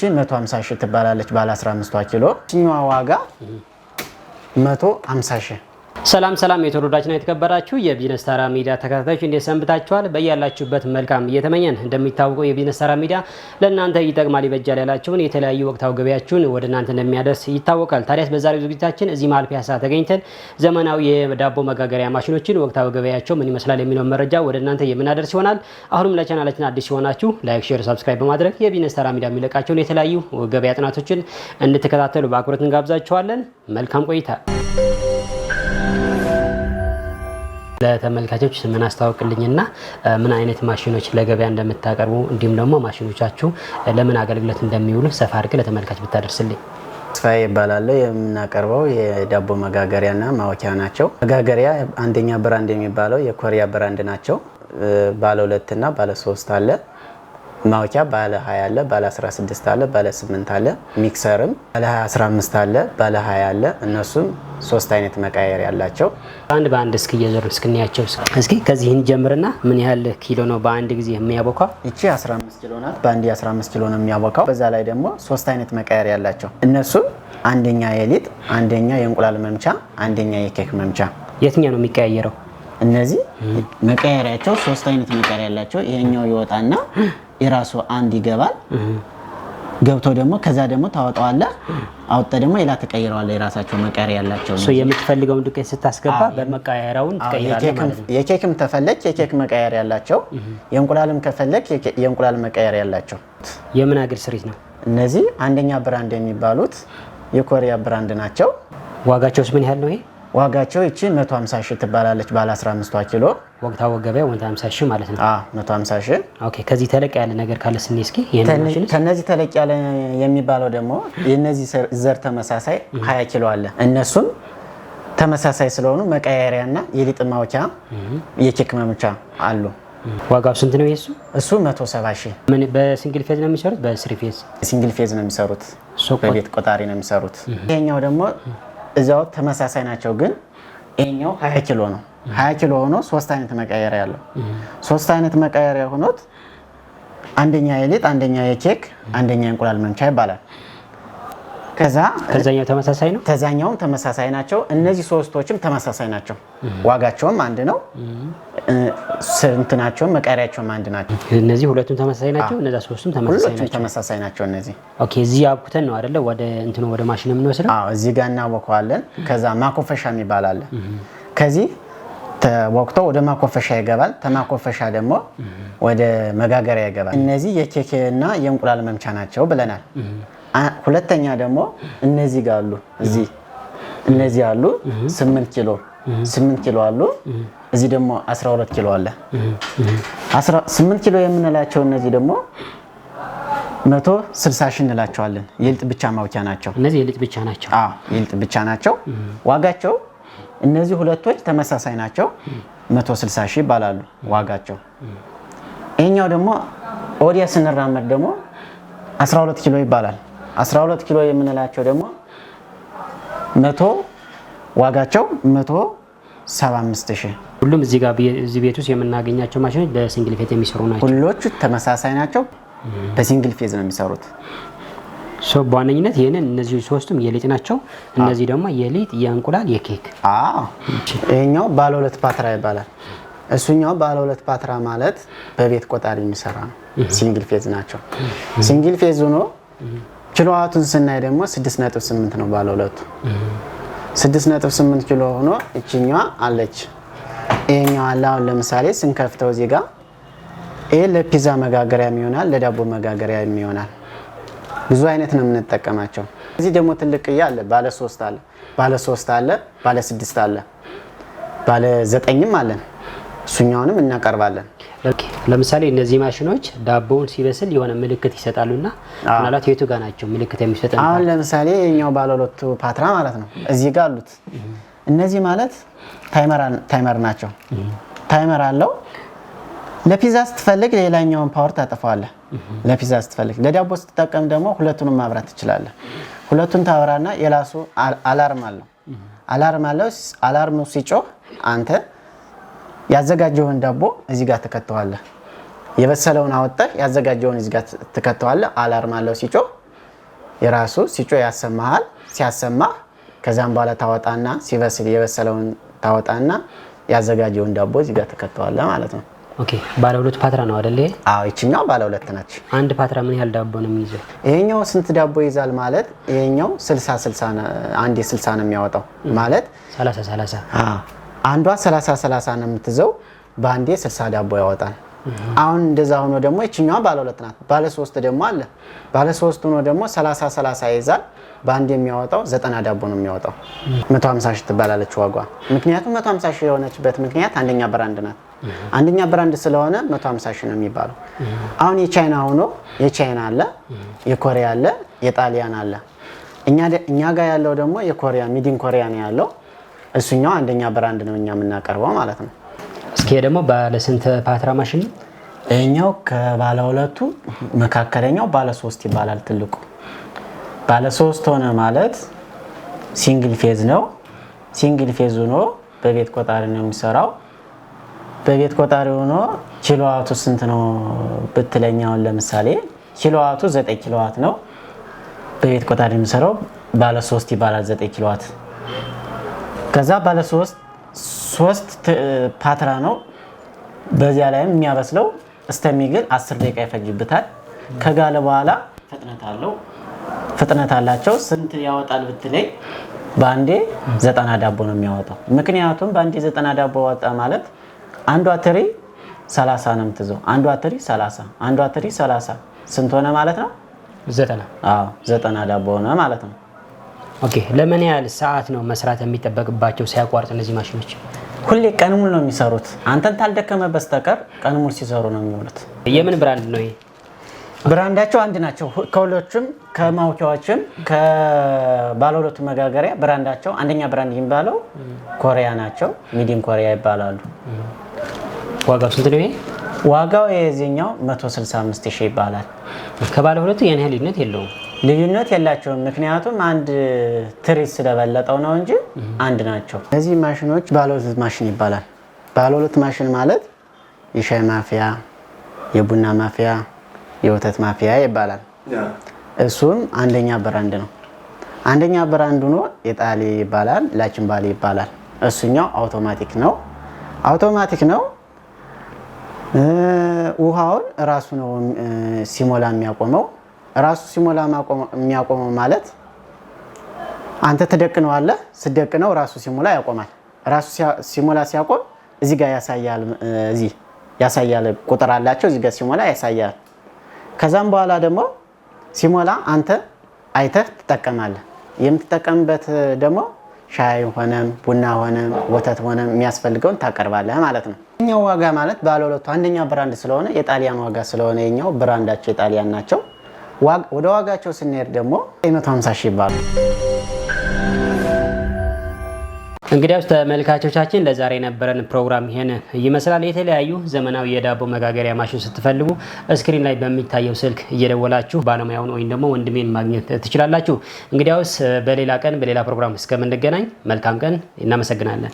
150 ሺህ ትባላለች ባለ 15 ኪሎ። ዋጋ 150 ሺህ ሰላም ሰላም የተወደዳችሁና የተከበራችሁ የቢዝነስ ታራ ሚዲያ ተከታታዮች እንዴት ሰንብታችኋል? በያላችሁበት መልካም እየተመኘን እንደሚታወቀው የቢዝነስ ታራ ሚዲያ ለእናንተ ይጠቅማል፣ ይበጃል ያላችሁን የተለያዩ ወቅታዊ ገበያችሁን ወደ እናንተ እንደሚያደርስ ይታወቃል። ታዲያስ በዛሬው ዝግጅታችን እዚህ መሀል ፒያሳ ተገኝተን ዘመናዊ የዳቦ መጋገሪያ ማሽኖችን ወቅታዊ ገበያቸው ምን ይመስላል የሚለውን መረጃ ወደ እናንተ የምናደርስ ይሆናል። አሁንም ለቻናላችን አዲስ ሲሆናችሁ ላይክ፣ ሼር፣ ሰብስክራይብ በማድረግ የቢዝነስ ታራ ሚዲያ የሚለቃቸውን የተለያዩ ገበያ ጥናቶችን እንድትከታተሉ በአክብሮት እንጋብዛችኋለን። መልካም ቆይታ ለተመልካቾች ምን አስተዋውቅልኝና ምን አይነት ማሽኖች ለገበያ እንደምታቀርቡ እንዲሁም ደግሞ ማሽኖቻችሁ ለምን አገልግሎት እንደሚውሉ ሰፋ አድርገህ ለተመልካች ብታደርስልኝ። ተስፋዬ ይባላለሁ። የምናቀርበው የዳቦ መጋገሪያና ማወኪያ ናቸው። መጋገሪያ አንደኛ ብራንድ የሚባለው የኮሪያ ብራንድ ናቸው። ባለ ሁለትና ባለ ሶስት አለ። ማወኪያ ባለ 20 አለ፣ ባለ 16 አለ፣ ባለ 8 አለ። ሚክሰርም ባለ 15 አለ፣ ባለ 20 አለ። እነሱም ሶስት አይነት መቃየር ያላቸው አንድ በአንድ እስኪ እየዞር እስክንያቸው እስኪ ከዚህን ጀምርና ምን ያህል ኪሎ ነው በአንድ ጊዜ የሚያቦካው? ይቺ 15 ኪሎ ናት። በአንድ 15 ኪሎ ነው የሚያቦካው። በዛ ላይ ደግሞ ሶስት አይነት መቃየር ያላቸው እነሱም አንደኛ የሊጥ፣ አንደኛ የእንቁላል መምቻ፣ አንደኛ የኬክ መምቻ። የትኛው ነው የሚቀያየረው? እነዚህ መቃየሪያቸው ሶስት አይነት መቃየር ያላቸው ይሄኛው ይወጣና የራሱ አንድ ይገባል ገብቶ ደግሞ ከዛ ደግሞ ታወጣዋለህ። አውጠ ደግሞ ሌላ ትቀይረዋለህ። የራሳቸው መቀሪ ያላቸው የምትፈልገውን ዱቄት ስታስገባ በመቀየሪያውን ትቀይራለህ። የኬክም ተፈለግ የኬክ መቀየሪያ ያላቸው፣ የእንቁላልም ከፈለግ የእንቁላል መቀየሪያ ያላቸው። የምን ሀገር ስሪት ነው እነዚህ? አንደኛ ብራንድ የሚባሉት የኮሪያ ብራንድ ናቸው። ዋጋቸውስ ምን ያህል ነው ይሄ? ዋጋቸው ይቺ 150 ሺህ ትባላለች። ባለ 15 ቷ ኪሎ ወቅታ ወገበ 150 ሺህ ማለት ነው። አዎ 150 ሺህ። ኦኬ። ከዚህ ተለቅ ያለ ነገር ካለ ስኒ እስኪ ከነዚህ ተለቅ ያለ የሚባለው ደግሞ የነዚህ ዘር ተመሳሳይ 20 ኪሎ አለ። እነሱም ተመሳሳይ ስለሆኑ መቀየሪያና የሊጥ ማውኪያ የኬክ መምቻ አሉ። ዋጋው ስንት ነው? የሱ እሱ 170 ሺህ። ምን በሲንግል ፌዝ ነው የሚሰሩት? በስሪ ፌዝ ሲንግል ፌዝ ነው የሚሰሩት። በቤት ቆጣሪ ነው የሚሰሩት። ይሄኛው ደግሞ እዚያው ተመሳሳይ ናቸው፣ ግን ይሄኛው ሀያ ኪሎ ነው። ሀያ ኪሎ ሆኖ ሶስት አይነት መቀየሪያ ያለው ሶስት አይነት መቀየሪያ ሆኖት አንደኛ የሊጥ፣ አንደኛ የኬክ፣ አንደኛ የእንቁላል መምቻ ይባላል። ከዛ ከዛኛው ተመሳሳይ ነው። ከዛኛውም ተመሳሳይ ናቸው። እነዚህ ሶስቶችም ተመሳሳይ ናቸው። ዋጋቸውም አንድ ነው። ስንትናቸውም መቀሪያቸውም አንድ ናቸው። እነዚህ ሁለቱም ተመሳሳይ ናቸው። እነዛ ሶስቱም ተመሳሳይ ናቸው። እነዚህ ኦኬ። እዚህ አብኩተን ነው አይደለ? ወደ እንትኑ ወደ ማሽን የምንወስደው። አዎ፣ እዚህ ጋር እናወከዋለን። ከዛ ማኮፈሻ የሚባል አለ። ከዚህ ተወቅቶ ወደ ማኮፈሻ ይገባል። ተማኮፈሻ ደግሞ ወደ መጋገሪያ ይገባል። እነዚህ የኬኬ እና የእንቁላል መምቻ ናቸው ብለናል። ሁለተኛ ደግሞ እነዚህ ጋር አሉ። እዚህ እነዚህ አሉ 8 ኪሎ 8 ኪሎ አሉ። እዚህ ደግሞ 12 ኪሎ አለ። 8 ኪሎ የምንላቸው እነዚህ ደግሞ መቶ ስልሳ ሺህ እንላቸዋለን። የልጥ ብቻ ማውኪያ ናቸው። እነዚህ የልጥ ብቻ ናቸው። አዎ የልጥ ብቻ ናቸው። ዋጋቸው እነዚህ ሁለቶች ተመሳሳይ ናቸው። መቶ ሺህ ይባላሉ ዋጋቸው። ይሄኛው ደግሞ ኦዲያ ስንራመድ ደግሞ 12 ኪሎ ይባላል። 12 ኪሎ የምንላቸው ደግሞ መቶ ዋጋቸው መቶ ሁሉም እዚህ ጋር እዚህ ቤት ውስጥ የምናገኛቸው ማሽኖች በሲንግል ፌዝ የሚሰሩ ናቸው። ሁሎቹ ተመሳሳይ ናቸው። በሲንግል ፌዝ ነው የሚሰሩት። ሶ በዋነኝነት ይህንን እነዚህ ሶስቱም የሊጥ ናቸው። እነዚህ ደግሞ የሊጥ የእንቁላል፣ የኬክ። አዎ ይሄኛው ባለ ሁለት ፓትራ ይባላል። እሱኛው ባለ ሁለት ፓትራ ማለት በቤት ቆጣሪ የሚሰራ ነው። ሲንግል ፌዝ ናቸው። ሲንግል ፌዝ ሆኖ ኪሎዋቱን ስናይ ደግሞ 6.8 ነው ባለ ሁለቱ 6.8 ኪሎ ሆኖ ይችኛዋ አለች ይሄኛዋ አለ። አሁን ለምሳሌ ስንከፍተው እዚህ ጋር ይሄ ለፒዛ መጋገሪያ ይሆናል፣ ለዳቦ መጋገሪያ ይሆናል። ብዙ አይነት ነው የምንጠቀማቸው። እዚህ ደግሞ ትልቅ ትልቅዬ አለ፣ ባለ ሶስት አለ፣ ባለ ሶስት አለ፣ ባለ ስድስት አለ፣ ባለ ዘጠኝም አለን። እሱኛውንም እናቀርባለን። ኦኬ ለምሳሌ እነዚህ ማሽኖች ዳቦውን ሲበስል የሆነ ምልክት ይሰጣሉና ምናልባት የቱ ጋር ናቸው ምልክት የሚሰጥ? አሁን ለምሳሌ የኛው ባለሁለቱ ፓትራ ማለት ነው እዚህ ጋር አሉት። እነዚህ ማለት ታይመር ናቸው። ታይመር አለው። ለፒዛ ስትፈልግ ሌላኛውን ፓወር ታጠፋዋለህ። ለፒዛ ስትፈልግ፣ ለዳቦ ስትጠቀም ደግሞ ሁለቱንም ማብራት ትችላለህ። ሁለቱን ታወራና የራሱ አላርም አለው። አላርም አለው። አላርሙ ሲጮህ አንተ ያዘጋጀውን ዳቦ እዚህ ጋር ትከተዋለህ። የበሰለውን አወጠህ ያዘጋጀውን እዚህ ጋር ትከተዋለህ። አላርም አለው ሲጮህ የራሱ ሲጮ ያሰማሃል። ሲያሰማህ ከዚያም በኋላ ታወጣና ሲበስል የበሰለውን ታወጣና ያዘጋጀውን ዳቦ እዚህ ጋር ትከተዋለህ ማለት ነው። ኦኬ ባለ ሁለት ፓትራ ነው አይደል? አዎ ይችኛው ባለ ሁለት ናች። አንድ ፓትራ ምን ያህል ዳቦ ነው የሚይዘው? ይሄኛው ስንት ዳቦ ይይዛል ማለት ይሄኛው 60 60 ነው። አንዴ 60 ነው የሚያወጣው ማለት 30 30። አዎ አንዷ 30 30 ነው የምትይዘው። በአንዴ 60 ዳቦ ያወጣል። አሁን እንደዛ ሆኖ ደግሞ ይችኛዋ ባለ ሁለት ናት። ባለ ሶስት ደግሞ አለ። ባለ ሶስት ሆኖ ደግሞ 30 30 ይይዛል። በአንድ የሚያወጣው ዘጠና ዳቦ ነው የሚያወጣው። 150 ሺህ ትባላለች ዋጓ። ምክንያቱም 150 ሺህ የሆነችበት ምክንያት አንደኛ ብራንድ ናት። አንደኛ ብራንድ ስለሆነ 150 ሺህ ነው የሚባለው። አሁን የቻይና ሆኖ የቻይና አለ፣ የኮሪያ አለ፣ የጣሊያን አለ። እኛ ጋር ያለው ደግሞ የኮሪያ ሚዲን ኮሪያ ነው ያለው። እሱኛው አንደኛ ብራንድ ነው እኛ የምናቀርበው ማለት ነው። እስኪ ደግሞ ባለስንት ፓትራ ማሽን ነው? ይህኛው ከባለ ሁለቱ መካከለኛው ባለ ሶስት ይባላል። ትልቁ ባለ ሶስት ሆነ ማለት ሲንግል ፌዝ ነው። ሲንግል ፌዝ ሆኖ በቤት ቆጣሪ ነው የሚሰራው። በቤት ቆጣሪ ሆኖ ኪሎዋቱ ስንት ነው ብትለኛውን፣ ለምሳሌ ኪሎዋቱ ዘጠኝ ኪሎዋት ነው። በቤት ቆጣሪ የሚሰራው ባለ ሶስት ይባላል። ዘጠኝ ኪሎዋት ከዛ ባለ ሶስት ሶስት ፓትራ ነው። በዚያ ላይም የሚያበስለው እስተሚግል አስር ደቂቃ ይፈጅበታል። ከጋለ በኋላ ፍጥነት አለው ፍጥነት አላቸው። ስንት ያወጣል ብትለይ በአንዴ ዘጠና ዳቦ ነው የሚያወጣው። ምክንያቱም በአንዴ ዘጠና ዳቦ ወጣ ማለት አንዷ ትሪ ሰላሳ ነው የምትዘው። አንዷ ትሪ ሰላሳ አንዷ ትሪ ሰላሳ ስንት ሆነ ማለት ነው? ዘጠና ዘጠና ዳቦ ሆነ ማለት ነው። ኦኬ። ለምን ያህል ሰዓት ነው መስራት የሚጠበቅባቸው ሳያቋርጥ እነዚህ ማሽኖች? ሁሌ ቀን ሙሉ ነው የሚሰሩት። አንተን ታልደከመ በስተቀር ቀን ሙሉ ሲሰሩ ነው የሚውሉት። የምን ብራንድ ነው ብራንዳቸው አንድ ናቸው። ከሁሎችም ከማውኪያዎችም ከባለሁለቱ መጋገሪያ ብራንዳቸው አንደኛ ብራንድ የሚባለው ኮሪያ ናቸው። ሚዲም ኮሪያ ይባላሉ። ዋጋው ስንት ነው ዋጋው የዚህኛው 165 ሺህ ይባላል። ከባለሁለቱ ያን ያህል ልዩነት የለውም። ልዩነት የላቸውም። ምክንያቱም አንድ ትሪት ስለበለጠው ነው እንጂ አንድ ናቸው። እነዚህ ማሽኖች ባለሁለት ማሽን ይባላል። ባለሁለት ማሽን ማለት የሻይ ማፍያ፣ የቡና ማፍያ፣ የወተት ማፍያ ይባላል። እሱም አንደኛ ብራንድ ነው። አንደኛ ብራንድ ሆኖ የጣሊ ይባላል፣ ባሌ ይባላል። እሱኛው አውቶማቲክ ነው። አውቶማቲክ ነው። ውሃውን እራሱ ነው ሲሞላ የሚያቆመው ራሱ ሲሞላ የሚያቆመው ማለት አንተ ትደቅነዋለህ። ስደቅነው ራሱ ሲሞላ ያቆማል። ራሱ ሲሞላ ሲያቆም እዚህ ጋር ያሳያል። እዚህ ያሳያል ቁጥር አላቸው። እዚህ ጋር ሲሞላ ያሳያል። ከዛም በኋላ ደግሞ ሲሞላ አንተ አይተህ ትጠቀማለህ። የምትጠቀምበት ደግሞ ሻይ ሆነም ቡና ሆነም ወተት ሆነም የሚያስፈልገውን ታቀርባለህ ማለት ነው። የኛው ዋጋ ማለት ባለ ሁለቱ አንደኛ ብራንድ ስለሆነ የጣሊያን ዋጋ ስለሆነ የኛው ብራንዳቸው የጣሊያን ናቸው። ወደ ዋጋቸው ስንሄድ ደግሞ 150 ሺህ ይባሉ። እንግዲያውስ ተመልካቾቻችን ለዛሬ የነበረን ፕሮግራም ይሄን ይመስላል። የተለያዩ ዘመናዊ የዳቦ መጋገሪያ ማሽን ስትፈልጉ እስክሪን ላይ በሚታየው ስልክ እየደወላችሁ ባለሙያውን ወይም ደግሞ ወንድሜን ማግኘት ትችላላችሁ። እንግዲያውስ በሌላ ቀን በሌላ ፕሮግራም እስከምንገናኝ መልካም ቀን፣ እናመሰግናለን።